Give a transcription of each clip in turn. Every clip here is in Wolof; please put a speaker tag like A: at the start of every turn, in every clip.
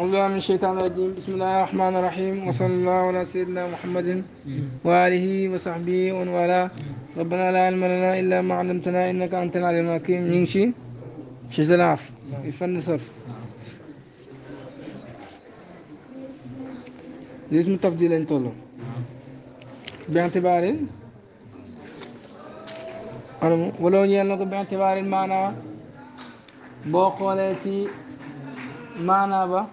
A: الله من الشيطان الرجيم بسم الله الرحمن الرحيم وصلى الله على سيدنا محمد وآله وصحبه ومن والاه ربنا لا علم لنا إلا ما علمتنا إنك أنت العليم الحكيم من شيء شيء العفو يفن صرف لازم تفضيل أنت تقول باعتبار ولو يلنق باعتبار المعنى بوقولتي معنى با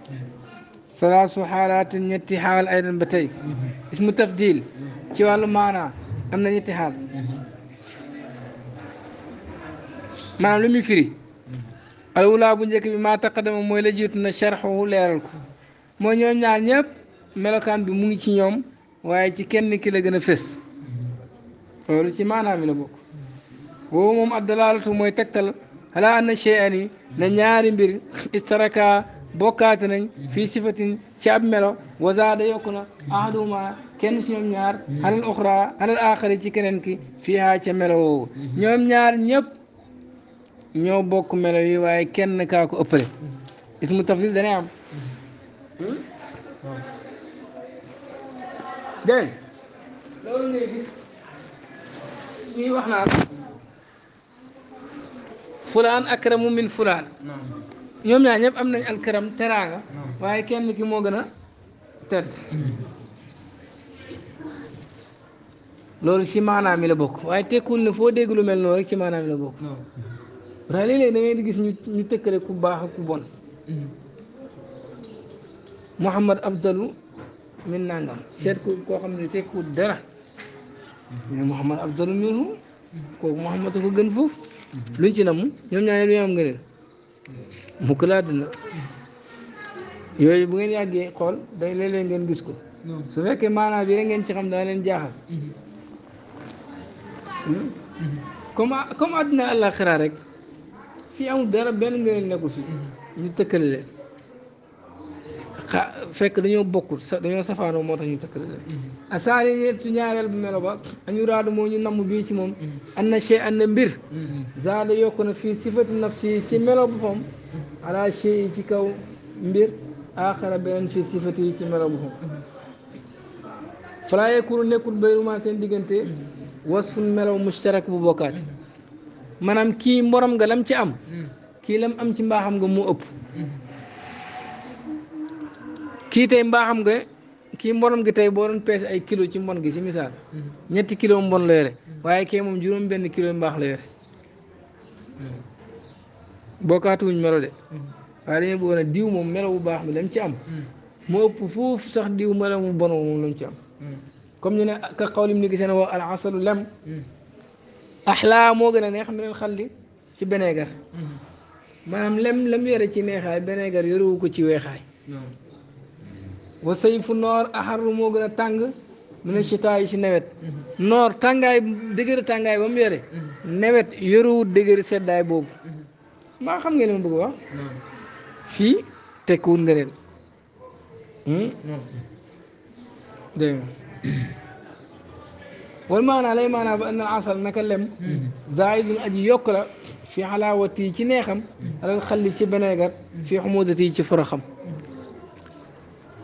A: ثلاث حالات ñetti xaal aydan ba tey ismu tafdil ci wàllu maana am na ñetti xaal maanaam lu muy firi alwulaa bu njëkk bi maa taqadama mooy la jiitu na sharxu leeral ko mooy ñoom ñaar ñëpp melokaan bi mu ngi ci ñoom waaye ci kenn ki la gën a fés loolu ci maanaam mi la bokk woowu moom addalaalatu mooy tegtal xalaa an na chey ani na ñaari mbir istaraka bokkaate nañ fii sifatin ci ab melo wazaada yokku na ahaduma kenn ci ñoom ñaar alal oxra alal axari ci keneen ki fii haa ca melo woowu ñoom ñaar ñëpp ñoo bokk melo yi waaye kenn kaa ko ismu tafdil dana am fulaan akramu min fulaan ñoom ñaar ñëpp am nañ alkaram teraanga waaye kenn ki moo gën a tedd loolu ci maanaam mi la bokk waaye tekkul ne foo dégg lu mel noonu rek ci maanaam mi la bokk ndax léeg-léeg di gis ñu ñu tëkkale ku baax ak ku bon mm-hmm. Muhammad Abdalu min nangam seet ko koo xam ne tekku dara mm-hmm. mais Muhammad Abdalu minhu mm-hmm. kooku Muhammad ko gën foofu luñ ci namu ñoom ñaar ñëpp ñoo am ngëneel mukk laa dina yooyu bu ngeen yàggee xool day léeg-léeg ngeen gis ko su fekkee maanaa bi rek ngeen ci xam dana leen jaaxal mm-hmm. Hmm? Mm-hmm. comme comme àddina àllaaxira rek fii am dara benn ngeen nekkul fii mm-hmm. ñu tëkkale leen xa fekk dañoo bokkul sa dañoo safaanoo moo tax ñu takk leen mm-hmm. asaani ñettu ñaareel bu melo ba añu raadu moo ñu namm bii ci moom mm-hmm. an na chey an na mbir mm-hmm. zaada yokk na fii sifatu nafsi ci melo boppam ala chey ci kaw mbir aaxara beneen fii sifati yi ci melo boppam falaa yakunu nekkul bayrumaa seen diggante wasfun melaw mushtarak bu bokkaate maanaam kii mborom nga lam ci am kii lam am ci mbaaxam nga moo ëpp kii tey mbaaxam nga kii mbonam gi tey boo doon peese ay kilo ci mbon gi si misaal mhm. ñetti kilo mbon la yore waaye kii moom juróom benn kilo mbaax la yore mhm. bokkaatuwuñ melo de mhm. waaye dañoo bëggoon a diw moom melo bu baax mi lañ ci am mu ëpp foofu sax diw melo mu bon moom lañ ci am comme ñu ne ka xawlim ni gisee ne wax al asalu lem axlaa moo gën a neex meneen xalli ci beneegar maanaam lem lem yore ci neexaay beneegar yorewu ko ci weexaay wa sayfu noor axarru moo gën a tàng mu ne chitaa yi si nawet noor tàngaay dëgër tàngaay ba mu yore nawet yorewut dëgër seddaay boobu maa xam ngeen li ma bëgg wax fii tekkuwut nga leen hmm? dégg nga wal maanaa lay maanaa ba an al asal naka lem zaidun aji yokk la fi xalaawati ci neexam alal xalli ci beneegat fi xumuudati ci foroxam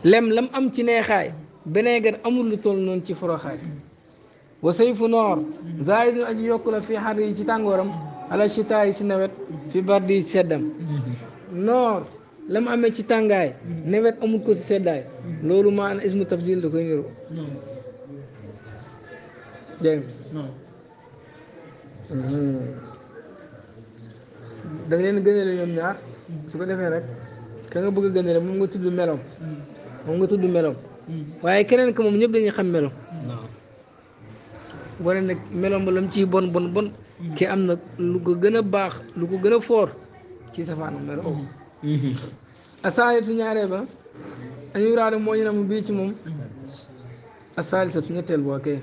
A: lem lam am ci neexaay beneegar amul lu toll noonu ci foroxaay wa sayfu noor zaidun aji yokku la fii xar yi ci tàngooram ala si nawet fi bardi ci seddam noor lam amee ci tàngaay nawet amul ko ci seddaay loolu maan ismu tafdil da koy niru dégg leen gënale ñoom ñaar su ko defee rek ka nga bëgg a gënale moom nga tudd melom moom nga tudd meloom waaye keneen ko moom ñëpp dañuy xam meloom wane nag meloom ba lam ciy bon bon bon ki am na lu ko gën a baax lu ko gën a foor ci safaanam meloom asaalitu ñaaree ba añu raada moo ñu na mu bii ci moom asaalisatu ñetteel boo kay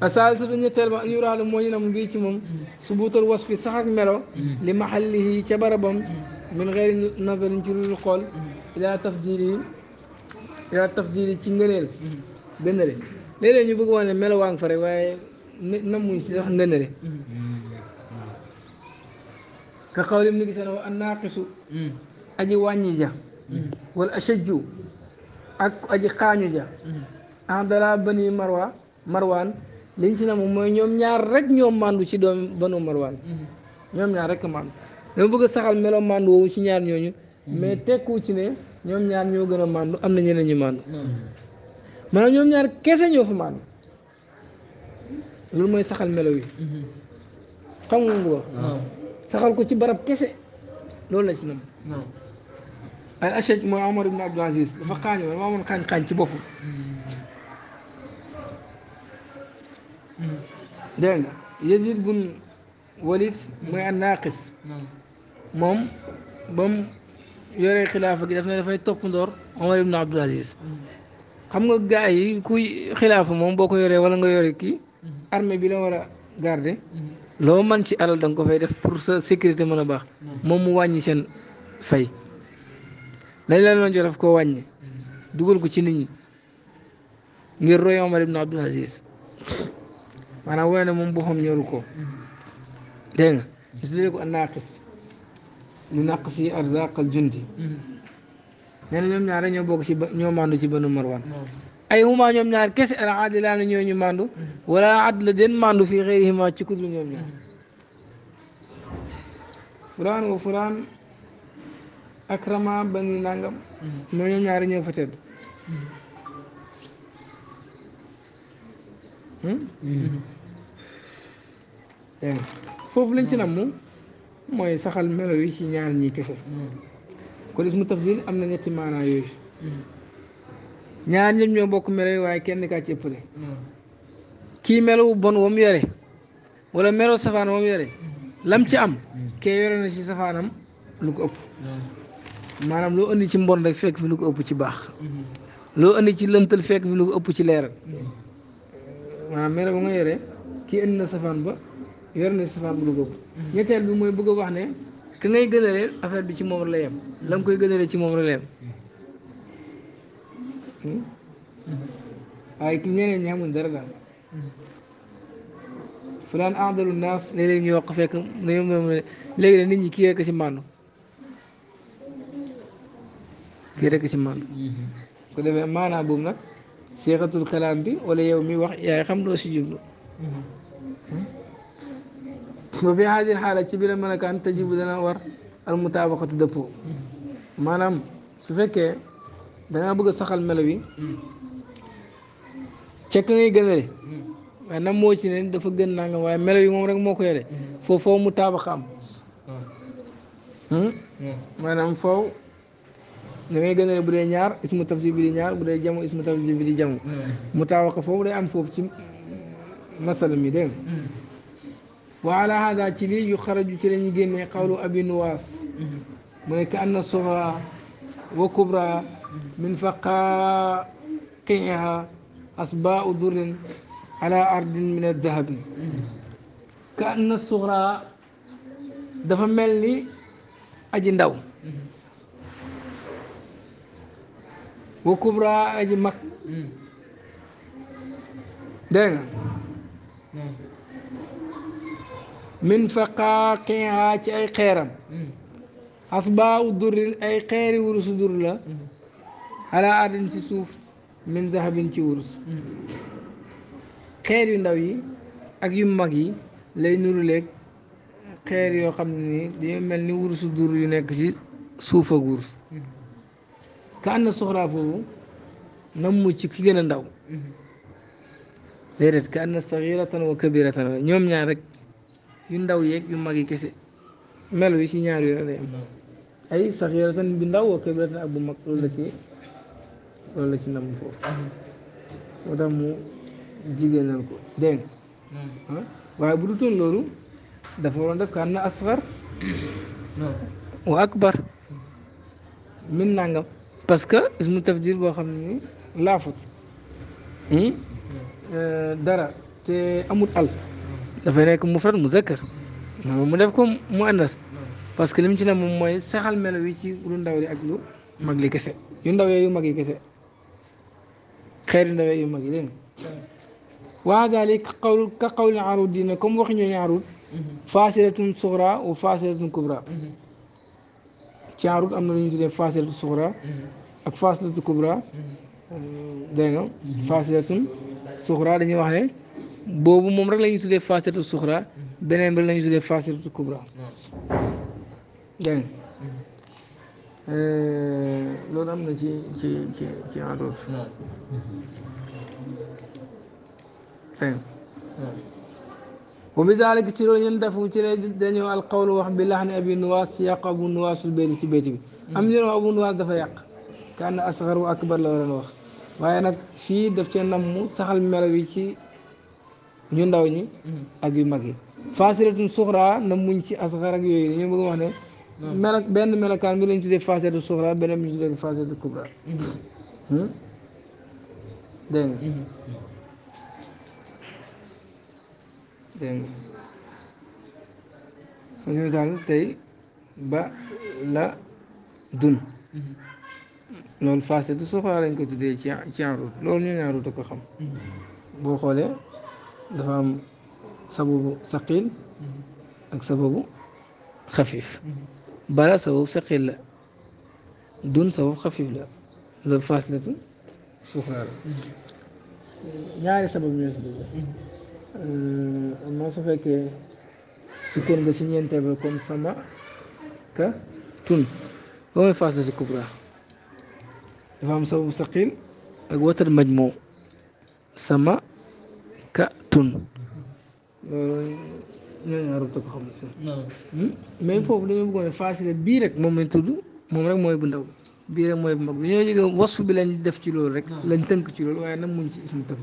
A: asaalisatu ñetteel ba añu raada moo ñu na ci moom subuutal was sax ak melo li maxallihi ca barabam min xeeri nazarin ci lu xool ilaa tafdili yaa tafdili ci ngëneel ngënale léeg-léeg ñu bëgg wax ne melo waa ngi fa rek waaye namuñ si wax ngënale ka ni gisee ne wa annaaqisu aji wàññi ja wala ashajju ak aji xaañu ja ahdala bani marwa marwaan liñ ci na moom mooy ñoom ñaar rek ñoom màndu ci doom banu marwaan ñoom ñaar rek màndu dama bëgg saxal melo màndu ci ñaar ñooñu mais tekku ci ne ñoom ñaar ñoo gën a màndu am na ñeneen ñu ñoom ñaar kese ñoo fa màndu loolu mooy saxal melo yi xam nga bu saxal ko ci barab kese loolu la ci nam al achaj mooy Omar ibn Abdul Aziz dafa xaañoo dafa amoon xaañ-xaañ ci boppam dégg nga bun Walid mooy an naaqis moom bam yore xilaafa gi daf ne dafay topp ndoor Omar ibn Abdul Aziz xam nga gaa yi kuy xilaafa moom boo ko yoree wala nga yore kii armée bi la war a garder loo man ci alal danga ko fay def pour sa sécurité mën a baax moom mu wàññi seen fay lañ la doon jox daf koo wàññi dugal ko ci nit ñi ngir roy Omar ibn Abdul Aziz maanaam wane moom boo xam ñoru ko dégg nga tuddee ko annaaqis لنقص naq الجندي arzaq al jundi nee na ñoom ñaar ñoo bokk si ba ñoo mandu ci banu marwan ay huma ñoom ñaar kese al aadilaa na ñooñu mandu wala adla den mandu fii xeyrihima ci kudul ñoom ñaar fulaan wa fulaan akrama bani nangam moo ñoom ñaari mooy saxal melo yi ci ñaar ñi kese kon ismu tafdil am na ñetti maanaa yooyu ñaar ñëpp ñoo bokk melo yi waaye kenn kaa ci ëppale kii melo bon wam yore wala melo safaan wam yore lam ci am kee yore na ci safaanam lu ko ëpp maanaam loo indi ci mbon rek fekk fi lu ko ëpp ci baax loo indi ci lëntal fekk fi lu ko ëpp ci leeral maanaam melo nga yore kii indi safaan ba yor na safaa bu dul googu ñetteel bi mooy bëgg a wax ne ka ngay gënalee affaire bi ci moom la yem la koy gënalee ci moom la yem hmm? waaye ki ñeneen ñi dara daal fulaan ahdalu naas léeg-léeg ñu wax fekk ne yom léegi de nit ñi kii rekk si màndu kii defee maanaa boobu nag seexatul kalaam bi walla yow mi wax yaay xam loo si jublu ba fi haajil xaala ci biir malakaan tajibu dana war al mutaabaqatu dëppoo maanaam su fekkee dangaa bëgg a saxal melo wi cekk ngay gënale waaye nam moo ci ne dafa gën nanga nga waaye melo wi moom rek moo ko yore foofu foofu mu taabaxa am hmm? maanaam foofu da ngay gënale bu dee ñaar ismu tafsir bi di ñaar bu dee jamu ismu tafsir bi di jamu hmm. mu taabaxa foofu day am foofu ci masala mi dégg وعلى هذا تلي يخرج تلي جن قول أبي نواس من كأن صغرى وكبرى من فقاقعها أصباء ذر على أرض من الذهب كأن الصغرى دفع ملي أجن دو وكبرى أجن مك دينا min faqaaqiha ci ay xeeram hmm. asbaa u durrin ay xeeri wurusu dur la hmm. ala ci suuf min zahabin ci wurus hmm. xeer yu ndaw yi ak yu mag yi lay nuruleeg xeer yoo xam ne ni mel ni wurusu dur yu nekk ci suuf ak wurus ka ànd soxraa ci ki gën a ndaw déedéet ka ànd wa kabiratan ñoom ñaar yu ndaw yeeg yu mag yi kese melo yi ci ñaar yooyu lay ay sax yoratan bi ndaw wa kabiratan ak bu mag loolu la ci loolu ci nam foofu moo tax ko dégg hmm. waaye bu dutoon loolu dafa waroon def kaan na asxar hmm. wa akbar min nangam parce que ismu tafdil boo xam ne laafut hmm? Eh, dara te amut al لفنيكم مفرد مذكر نعم، مدافكم مؤنث باسكو لم تينا موم موي سخال ملوي سي لو نداوري اك لو ماغلي كسه يو نداوي يو ماغي كسه خير نداوي يو ماغي لين وذلك قول كقول عرودين كم وخي ني عرود فاصلة صغرى وفاصلة كبرى تي عرود امنا ني تودي فاصلة صغرى اك فاصلة كبرى دينا فاصلة صغرى دي ني واخني boobu moom rek la ñuy tuddee faasatu suxra beneen bi la ñuy tuddee faasatu kubra dégg euh, loolu am na ci ci ci ci endof dégg wa bi zalik ci loolu yéen dafu ci lay dañoo alqawlu wax bi laxni abi nuwaas si yàqu abu nuwaasul béyti ci béyti bi mm. am ñu abu nuwaas dafa yàq kaan asxar wa akbar la waroon wax waaye nag fii daf cee nam mu saxal melo yi ci ñu ndaw ñi mhm. ak yu mag yi faasilatun suxra na muñ ci asxar ak yooyu dañoo bëgg wax ne mel benn melokaan bi lañ tuddee fasilatu suxra beneen bi ñu tuddee fasilatu kubra mhm. hmm? dégg mhm. ba la dun loolu fasilatu lañ ko tuddee ci ci en route loolu ñu ñaaruta ko xam boo xoolee dafa am sababu saqil ak sababu xafiif bara sababu saqil la dun sababu xafiif la loolu faasilatu suxraa ñaari sababu ñoo si dugg euh, moo su fekkee sukkoon nga si ñeenteel ba sama ka tun ba mooy faasilatu kubra dafa am sababu saqil ak watar majmoo sama tun loolu ñooñu arab ko xam mais foofu dañoo bëggoon facile bii rek moom lañ tudd moom rek mooy bu ndaw bii rek mooy bu mag bi ñoo jóge wasfu bi def ci rek lañ tënk ci loolu waaye nag muñ ci ismu taf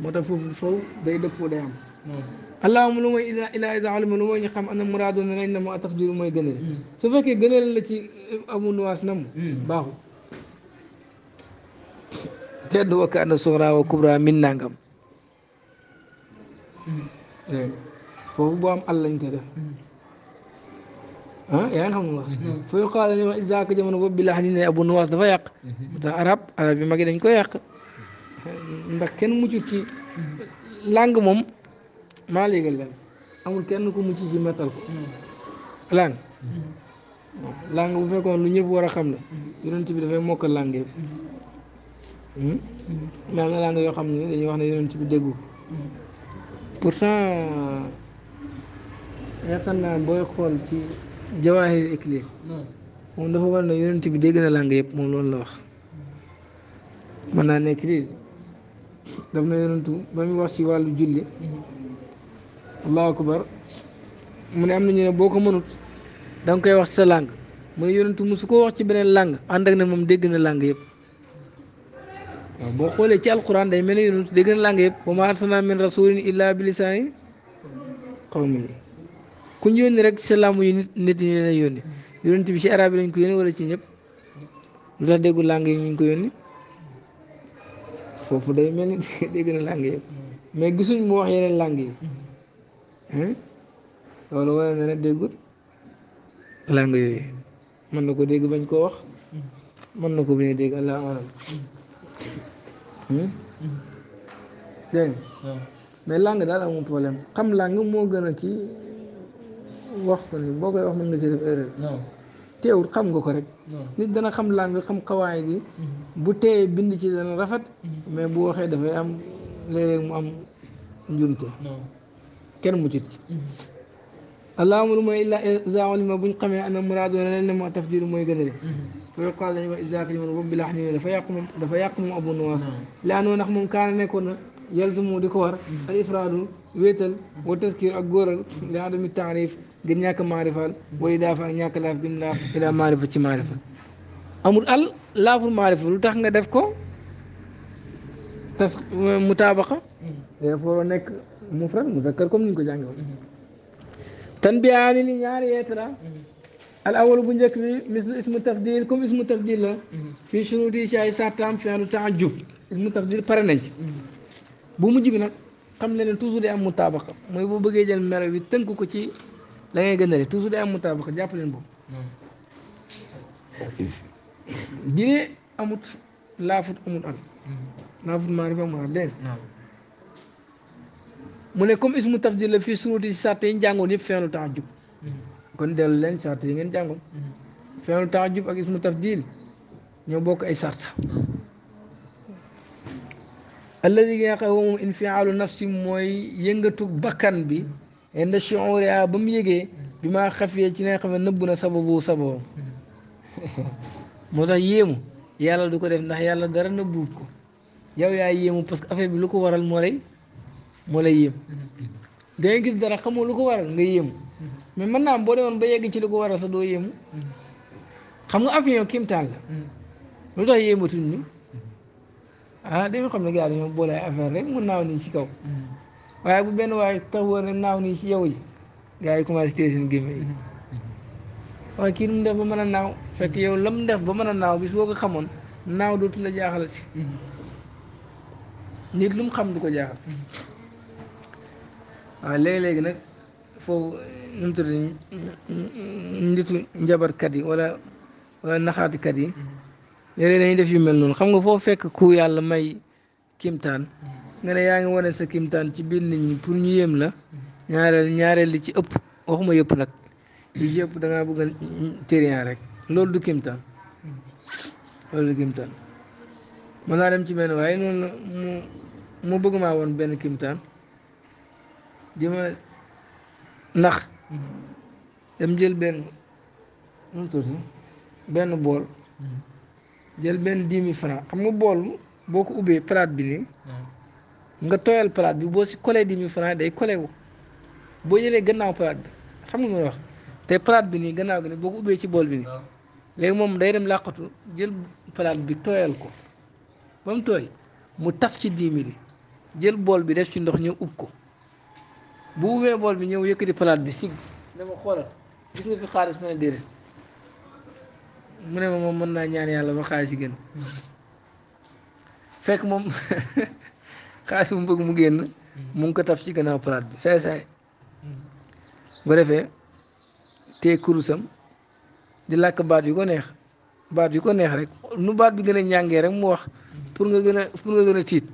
A: moo tax foofu foofu day dëppoo day am allahuma lu mooy ila ila isa alima lu mooy ñu xam ana muraado ne nañ na taf diru mooy gëneel mm. su fekkee gëneel la ci amu nuwaas nam mm. baaxu keddu wakka ana soxra wa kubra min nangam Mm. foofu boo am àll lañ koy def ah yaa ngi xam nga mm-hmm. fa yuqaal ni wax isaaka jamono boobu bi laa xam ne abu nuwaas dafa yàq tax mm-hmm. arab arab yi mag yi dañ koy yàq ndax kenn muccut ci mm-hmm. langue moom maa léegal leen amul kenn ku mucc ci mettal ko langue langue bu fekkoon lu ñëpp war a xam ne yonent bi dafay mokkal langue yëpp hmm? am na langue yoo xam ne dañuy wax ne yonent bi déggu pour yaakaar naa booy xool ci jawaahirul iklim moom dafa war na yonent bi dégg na langue yëpp moom loolu la wax mën naa nekk lii daf na yonentu ba muy wax ci wàllu julli allahu akbar mu ne am na ñu ne boo ko mënut da koy wax sa langue mu ne yonentu mosu koo wax ci beneen langue ànd ak ne moom dégg na langue yëpp waaw boo xoolee ci alquran day mel ne yonent day gën a làng yëpp wa ma arsalna min rasulin illa bi lisaani qawmi ku ñu yónni rek sa làmm yu nit nit bi ci arab yi lañ ko yónni wala ci ñëpp lu tax yi ñu ngi ko yónni foofu day mel ni day gën a yëpp mais gisuñ mu wax yeneen làng yi loolu wala na ne déggut yooyu mën na ko dégg bañ koo wax mën na ko bañ a dégg allah alam Hmm? dégg mais langue daal amul problème xam langue moo gën a kii wax ko ni boo koy wax mën nga ci def erreur teewul xam nga ko rek nit dana xam langue xam xawaay gi mm-hmm. bu teeyee bind ci dana rafet mm-hmm. mais bu waxee dafay am léeg mu am njumte kenn muccut ci mm-hmm. allahuma lu mooy illa isa buñ xamee ana muraad wala leen moo tafdir mooy gënale ويقال لهم إذا كلمة رب الأحمد فيقوم فيقوم أبو نواس لأنه نحن كان نكون يلزم ديكور الإفراد ويتل وتذكير أقول لعدم التعريف جنياك معرفة وإضافة جنياك لاف جنياك إلى معرفة معرفة أمر ال لا في المعرفة لتخ ندفكو تس متابقة يفور نك مفرد مذكركم نكو جانجو تنبيه عن اللي يعني يترى al awal bu njëkk bi mislu ismu tafdil comme ismu tafdil la fii shuruti yi si ay sartaam fi àndu taajub ismu pare nañ ci bu mujj nag xam ne ne toujours day am mutaabaqa mooy boo bëggee jël melo bi tënk ko ci la ngay toujours day am mutaabaqa jàpp leen boobu dine amut laafut amut al laafut mu ne comme ismu fii shuruti yi si njàngoon yëpp fi àndu taajub kon dellu leen sart yi ngeen jàngoon mm-hmm. feelu taajub ak ismu tafdil ñoo bokk ay sart alladi gi nga xam moom infiaalu nafsi mooy yëngatu bakkan bi inda shuuri a ba mu yëgee bi ma xafiyee ci ne xam ne nëbb na sababu sababu
B: mm-hmm.
A: moo tax yéemu yàlla du ko def ndax yàlla dara nëbbuut ko yow yaa yéemu parce que affaire bi lu ko waral moo lay moo lay yéem mm-hmm. dangay gis dara xamoo lu ko waral nga yéemu mais mën naa am ba yegg ci li ko war a sa doo yéemu xam nga avion kimtaan la mm. lu tax yéematuñ ñu ah dañu xam ne gars yi ñoo boole ay rek mu naaw nii ci kaw mm. waaye benn waaye tax woon ne yi gars yi commencé téye seen gémme yi mm-hmm. waaye kii nu mu ba mën a naaw fekk yow la mu def ba mën a naaw bis boo ko xamoon naaw dootu la jaaxal si mm-hmm. nit lu xam du ko jaaxal mm-hmm. waaw léegi-léegi nag foofu nu mu tudd nitu njabarkat yi wala wala naxaatikat yi léeg-léeg dañuy def yu mel noonu xam nga foo fekk ku yàlla may kimtaan nga ne yaa ngi wane sa kimtaan ci biir nit ñi pour ñu yéem la ñaareel ñaareel li ci ëpp waxuma yëpp nag li ci ëpp da ngaa bëgg rek loolu du kimtaan loolu du kimtaan mën naa dem ci benn noonu mu mu maa woon benn kimtaan di ma nax dem jël benn nu bool jël benn dix mille xam nga bool boo ko ubbee palaat bi nii nga tooyal palaat bi boo si collé dix mille day collé wu boo jëlee gannaaw palaat bi xam nga ma wax te palaat bi nii gannaaw gi nii boo ko ubbee ci bool bi nii léegi moom day dem làqatu jël palaat bi tooyal ko ba mu tooy mu taf ci dix mille jël bool bi def ci ndox ñëw ub ko bu wé bol bi ñëw yëkëti palaat bi sig né ma xolal gis nga fi xaaliss mëna ne mëna mo mëna ñaan yalla ba xaaliss gën fekk mom xaaliss mu bëgg mu gën mu ngi ko taf ci gannaaw palaat bi say say bu défé té kurusam di lak baat yu ko neex baat yu ko neex rek nu baat bi gëna ñangé rek mu wax pour nga gëna pour nga gëna tiit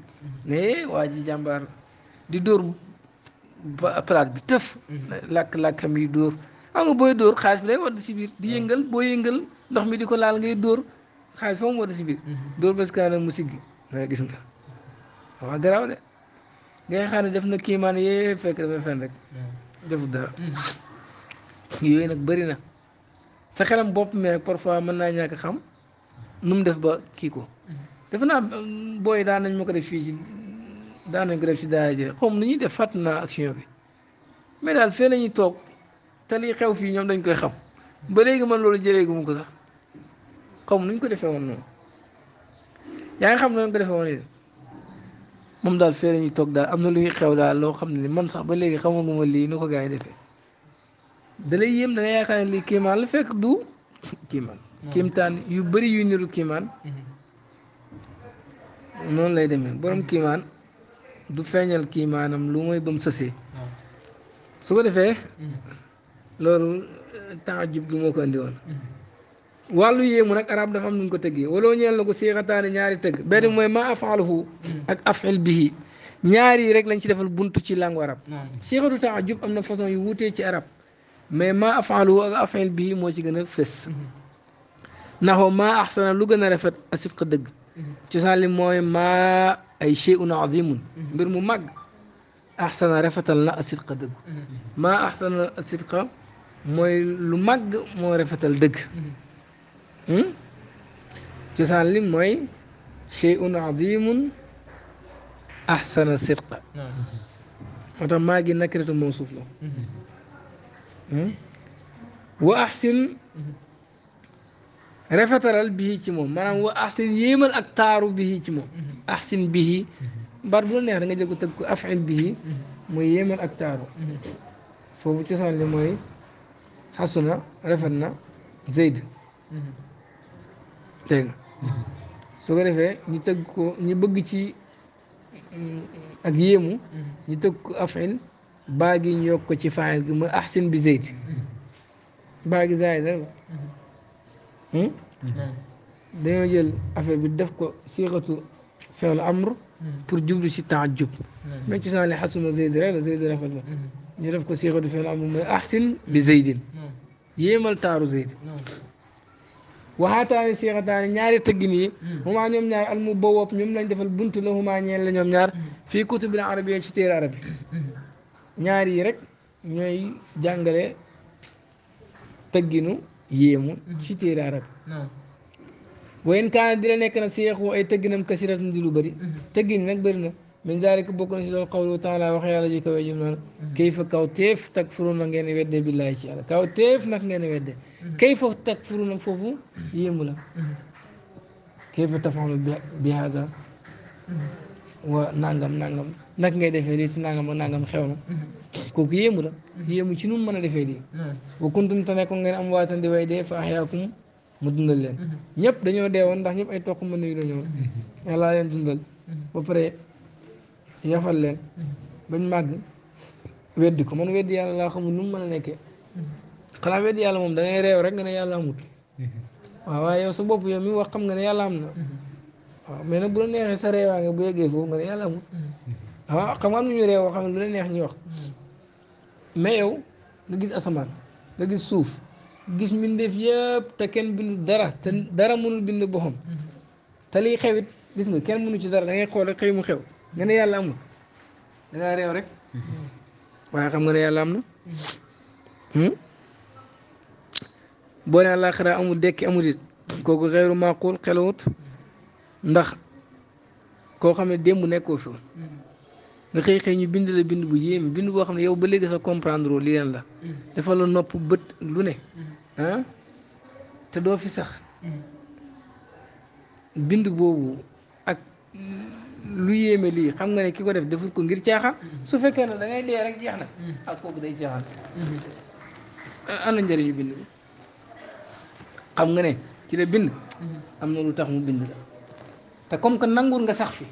A: né waa jambar di dóor ba palaat bi tëf. Mhm. làkk-làkkam yi dóor xam nga booy dóor xaalis bi lay wadd si di yëngal boo yëngal ndox mi di ko laal ngay dóor xaalis foofu mu wadd si biir. Mhm. dóor ba si kanam mu siggi waaye gis nga waaw garaaw de ngay xam def na kiimaan yee fekk dafay fen rek. defut mhm. na sa xelam bopp mi nag parfois mën naa ñàkk xam nu mu def mm, booy daan nañ ma ko def fii ci. daanañ ko def ci daara ji comme ni ñuy def fàtt naa action bi mais daal fee nañuy toog te lii xew fii ñoom dañ koy xam ba léegi man loolu jëlee gu mu ko sax comme ñu ko defee woon noonu yaa ngi xam ne ko defee woon it moom daal fee nañuy toog daal am na luy xew daal loo xam ne man sax ba léegi xamaguma lii nu ko gaa yi defee dalay yéem da nga yaakaar ne lii la fekk du kiimaan yu bëri yu niru kiimaan mhm. noonu lay demee borom kiimaan du feeñal kii maanaam lu mooy ba mu sësee su ko defee loolu eh, taajub gi moo ko andi woon wàllu yéemu nag arab dafa am nu ko tëggee waloo ñeen na ko siixataani ñaari tëgg benn mooy ma afaaluhu ak afil bihi ñaari rek lañ ci defal buntu ci langue arab siixatu taajub am na façon yu wuutee ci arab mais ma afaaluhu ak afil moo ci gën a fës naxoo ma axsana lu gën a rafet asidq dëgg mm-hmm. cosaan li mooy ma أي شيء عظيم بير ممج أحسن عرفة لنا الصدق دق ما أحسن الصدق مي لمج مو عرفة الدق جسال لي مي شيء عظيم أحسن الصدق وطا ما جي نكرة الموصوف له هم وأحسن rafetalal bii ci moom maanaam wa ahsin yéemal ak taaru bii ci moom mhm. ahsin bii mhm. baat bu la neex da nga jël ko tëgg ko afil bii mhm. mooy yéemal ak taaru foofu cosaan li mooy xasuna rafet na zeyd dégg soo ko defee ñu teg ko ñi bëgg ci mm, ak yéemu ñu tëgg ko afil baa gi ñu ci faayil gi mooy ahsin bi zeyd baa gi
B: dañoo
A: jël affaire bi def ko siixatu fexlu amr pour jublu si taajub mais ci saali xasuna zeyd rek la zeyd rafet la ñu def ko siixatu fexlu amr mooy ahsin bi zeydin yéemal taaru zeyd waxaataani siixataani ñaari tëggin yi xumaa ñoom ñaar al mu bawoob ñoom lañ defal buntu la xumaa ñeen la ñoom ñaar fii kutubil arabiya ci téere arab ñaar yi rek ñooy jàngale tëgginu yéemu mhm. ci téere arab wayen kaana di la nekk na seexu ay tëgginam kasiratan di lu bëri mhm. tëggin nag bëri na min zaalika bokk na si loolu xawlu taala wax yàlla ji kawe jum naan mhm. kayfa kaw teef takfuruuna ngeen wedde billaahi ci yàlla kaw teef nag ngeen wedde kayfa takfuruuna foofu yéemu la kayfa tafaalu bi haza wa nangam nangam nag ngay defee lii ci nangam ak xew na kooku yéemu la yéemu ci nu mu mën a defee lii hmm. wa kuntum te nekkoon ngeen am waatan di way dee fa axyaakum mu dundal leen hmm. ñëpp dañoo dee woon ndax ñëpp ay toq mën la ñëwoon hmm. yàlla leen dundal ba pare yafal leen màgg weddi ko man weddi yàlla laa xamul nu mu mën a nekkee xanaa weddi yàlla moom dangay réew rek nga ne yàlla amut waaw waaye yow xam nga ne yàlla am na waaw mais nag bu la sa réewaa nga bu yeggee foofu nga ne yàlla xam ne lu la neex ñuy wax mais yow nga gis asamaan nga gis suuf gis mbindeef yëpp te kenn bindu dara te dara mënul bind boppam te liy xewit gis nga kenn mënu ci dara da ngay xool rek xëy mu xew nga ne yàlla amul da ngaa réew rek waaye xam nga ne yàlla am na boo ne àllaaxira amul dekki amul it kooku xeeru maaqul xelawut ndax koo xam ne démb nekkoo fi nga xëy xëy ñu bind la bind bu yéeme bind boo xam ne yow ba léegi sa comprendre wu lii la. Mm. dafa la nopp bët lu ne.
B: Mm.
A: Ah te doo fi sax. Mm. bind boobu ak lu yéeme lii xam nga ne ki ko def deful ko ngir caaxaan. su fekkee ne dangay ngay dee rek jeex na. ak day caaxaan. am mm-hmm. eh, na njëriñu bind bi xam nga ne ci la bind. Mm-hmm. am na lu tax mu bind la te comme que nanguwul nga sax fi.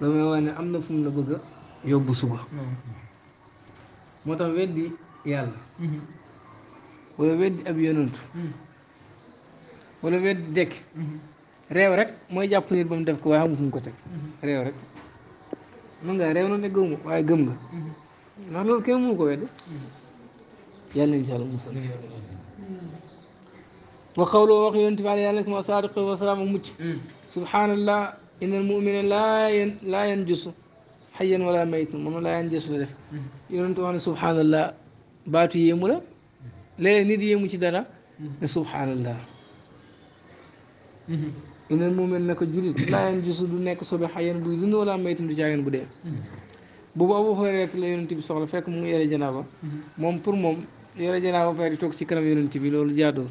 A: loolu mooy wane am na fu mu la bëgg a yóbbu suba moo tax weddi yàlla wala weddi ab yonent wala weddi dekk réew rek mooy jàpp nit ba mu def ko waaye xamu fu mu ko teg réew rek mën nga réew na ne gëm nga waaye gëm nga ndax loolu kenn mënu ko weddi yàlla incha allah musal wa qawlu wax yonent bi alayhi salaatu wa salaam ak mucc subhanallah إن المؤمن لا ين... لا ينجس حيا ولا ميتا من لا ينجس ولف يونتو أن سبحان الله باتو يمولا لا نيد يمو شي دارا سبحان الله إن المؤمن نك جوليت لا ينجس دو نك سوب حيا بو دون ولا ميتا دو جاغن بو دي بو بابو هوريك لا يونتي سوخلا فك مو يري جنابا موم بور موم yore jenaaw fa di tok ci kanam yonent bi lolou jaador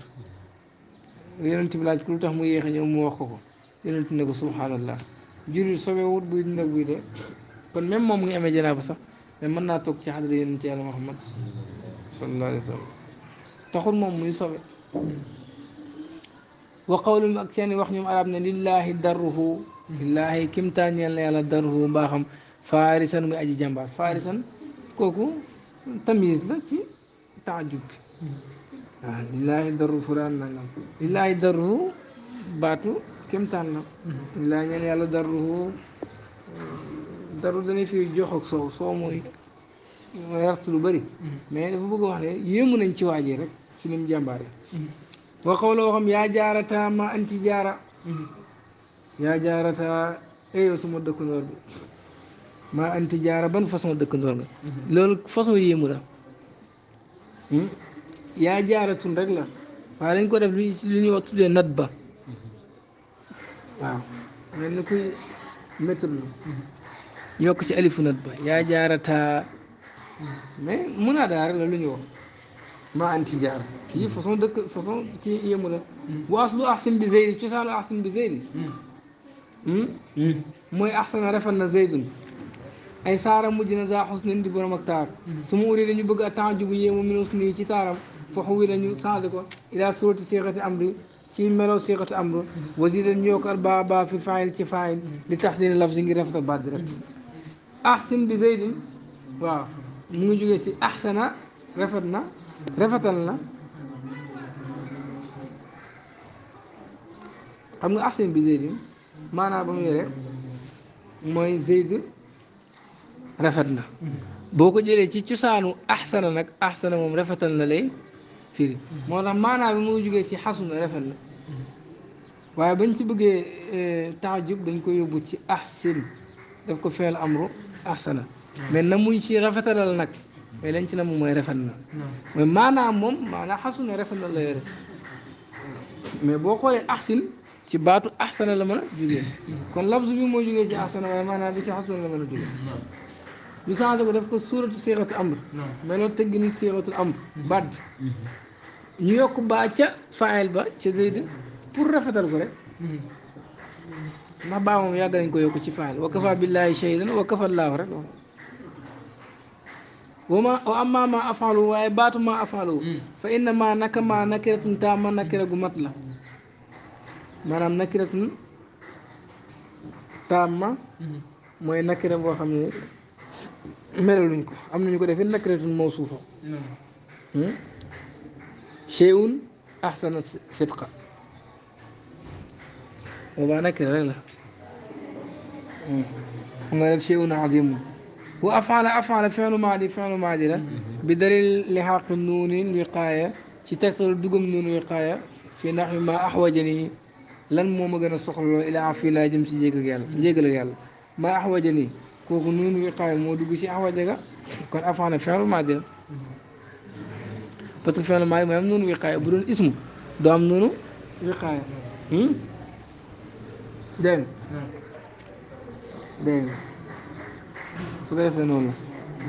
A: yonent bi laaj ko lutax mu yeex ñu mu wax ko yonent ne ko subhanallah jullit buy dund buy dee kon même moom mu ngi amee janaaba sax mais mën naa toog ci xadara yonent yàlla Muhammad sallallahu alayhi wa sallam moom muy sobe wa qawlum ak seeni wax ñoom arab ne lillaahi darruhu lillaahi kimtaañeel na yàlla darruhu mbaaxam faarisan muy aji jàmbaar faarisan kooku tamise la ci taajub bi waaw lillaahi darru fulaan nangam lillaahi darruhu baatu kéemtaan la laa ñeen yàlla darruhu daru dana fi jox ak soow soow mooy yart lu bëri mais dafa bëgg wax ne yéemu nañ ci waajee rek ci lim jàmbaar yi wa xawloo xam yaa jaarataa ma anti jaara yaa jaarataa eyo suma dëkkandoor bi maa anti jaara ban façon dëkkandoor nga loolu façon yéemu la hmm? yaa jaaratun rek la waaye dañ ko def lu ñuy wax tuddee nat ba waaw mel ni kuy métti lu yokk ci alifu nat ba yaa jaarataa mais mun a daara la lu ñu wax maa anti jaar kii façon dëkk façon kii yëmu la hmm. waas lu ahsin bi zeydi cosaanu ahsin bi zeydi hmm. hmm? mooy ahsana rafet na zeydun ay saara mujj na za xusnin di borom ak taar su ma urée dañu bëgg a temps jubu yéemu minus nii ci taaram fa xuwi lañu changé ko ila surati seexati amri تيمر وصيغة أمره وزيد يوكر بابا في فاعل تفاعل لتحسين اللفظ غير في بعد أحسن بزيد و موجود يسي أحسن رفضنا رفضنا هم أحسن بزيد ما أنا بمير ما زيد رفضنا بوكو جيلي تي تشانو احسن نك احسن مم رفتن لي في مولا ما انا بمو جوغي تي حسن رفتن waaye bañ ci bëggee eh, taajub dañ ko yóbbu ci ahsin daf ko feel amru ahsana hmm. mais na muñ ci rafetalal nag mais lañ ci na mu mooy rafet na hmm. mais maanaam moom maanaam xasuna rafet na la yore mais boo xoolee ahsin ci baatu ahsana la mën jugee hmm. kon lafz bi moo jugee ci ahsana waaye maanaam bi ci xasuna la mën jugee ñu changé ko def ko suuratu siixatu amr mais loolu tëgg ni siixatul amr ñu yokk baa ca faayil ba ca zayd pour rafetal ko rek ndax baa moom yàgg nañ ko yokk ci faayil wa kafa billahi shahidan wa kafa llaahu rek wama wa amma ma afalu waaye baatu ma afalu fa inna naka ma nakiratun gu mat la maanaam nakiratun taamma mooy nakira boo xam ne ko am nañu ko defee nakiratun شيء أحسن صدقة وبانك رجلا ما شيء عظيم وأفعل أفعل فعل معدي فعل معدي بدليل لحاق النون الوقاية تكثر دقم النون الوقاية في نحو ما أحوجني لن مو مغنى سخر إلى عفي لا جمس جيغل جيغل ما أحوجني كوك النون الوقاية مو دقسي أحوجك كان أفعل فعل معدي parce que fi'lu maadi mooy am noonu wiqaaya bu doon ismu doo am noonu wiqaaya hmm? dégg nga dégg nga su ko defee noonu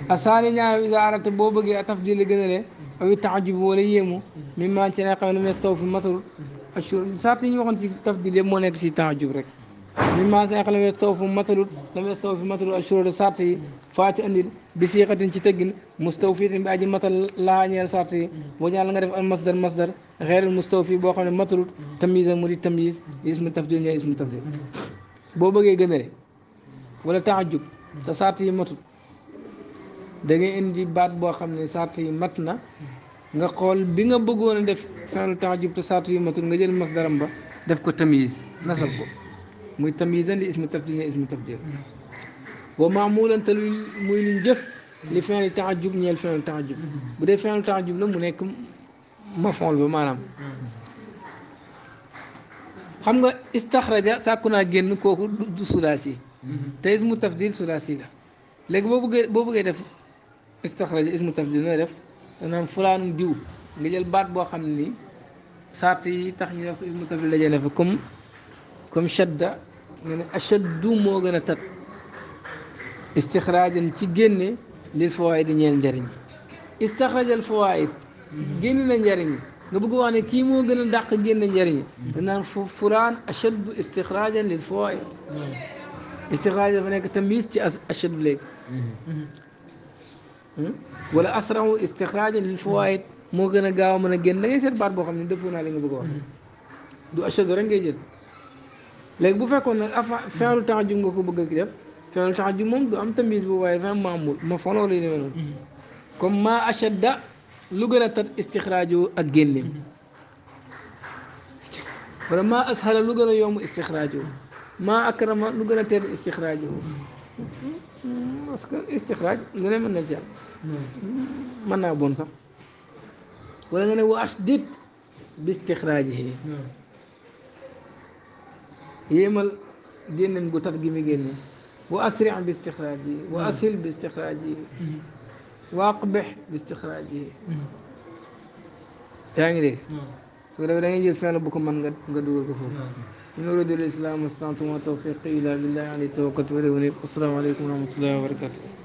A: la asaani ñaaw isa arata boo bëggee a taf di la gën a le awi taajub wala yéemu mi maa ci ne xam ne mes taw fi matul assur sart yi ñu waxoon si taf di le moo nekk si taajub rek مما سيخ لم يستوفوا مثل لم يستوفوا مثل الشرور رساتي فاتي أنيل بسيقة تتقن مستوفي بأي مثل لا أني رساتي وجعل نعرف المصدر مصدر غير المستوفي بوخان مثل تمييز مريد تمييز اسم تفضيل يا اسم تفضيل بوبغي غنري ولا تعجب رساتي مثل دغي اندي بات بو خامني ساتي متنا nga xol bi nga bëggoon def fin le temps jup te saatu yu matul nga jël masdaram متميزا لاسم التفضيل لاسم التفضيل ومعمولا تلويل جف لفعل تعجب من الفعل تعجب بدا فعل تعجب لهم هناك مفعول بمعنى خمغا استخرج ساكنا جن كوكو دو سلاسي تيز متفضيل سلاسي لا لك بو بو بو ديف استخرج اسم تفضيل نا ديف انا فلان ديو ميجل بات بو خامني ساتي تخني اسم تفضيل لا ديف كوم comme shadda nga ne ashaddu moo gën a tat istixraajan ci génne lil fawaayid ñeel njariñ istixraajal fawaayid génne na njariñ nga bëgg wax ne kii moo gën a dàq génne njariñ danaan furaan ashaddu istixraajan lil fawaayid istixraaj dafa nekk tamyiz ci ashaddu léegi hmm? wala asrahu istixraajan lil fawaayid moo gën a gaaw a mën a génn da ngay seet baat boo xam ne dëppoo naa li nga bëgg a wax hmm. du ashaddu rek ngay jël léegi bu fekkoon nag afa fin temps jum nga ko bëgg a def fin temps jum moom du am tamit bu waaye fin maamul ma fonoo lay mhm. comme maa ashadda lu gën a ak génneem mhm. wala lu gën a yomb istixraaju maa akrama lu gën a teel istixraaju mhm. que istixraaj nga ne mën na jàll mën naa bon sax wala nga ne wa ashdid bi istixraajihi yéemal génneen gu tat gi mu génne wa asri bi istixraaj yi wa asil bi istixraaj yi wa aqbix bi istixraaj yi yaa ngi dégg hmm. su ko defee da ngay jël fenn bu ko mën nga nga dugal ko foofu in hmm. uriidu al islaam mastata'tu wa ma tawfiiqi illaa billaah alayhi tawakkaltu wa ilayhi uniib assalaamu
B: aleykum wa rahmatullaahi wa barakaatuh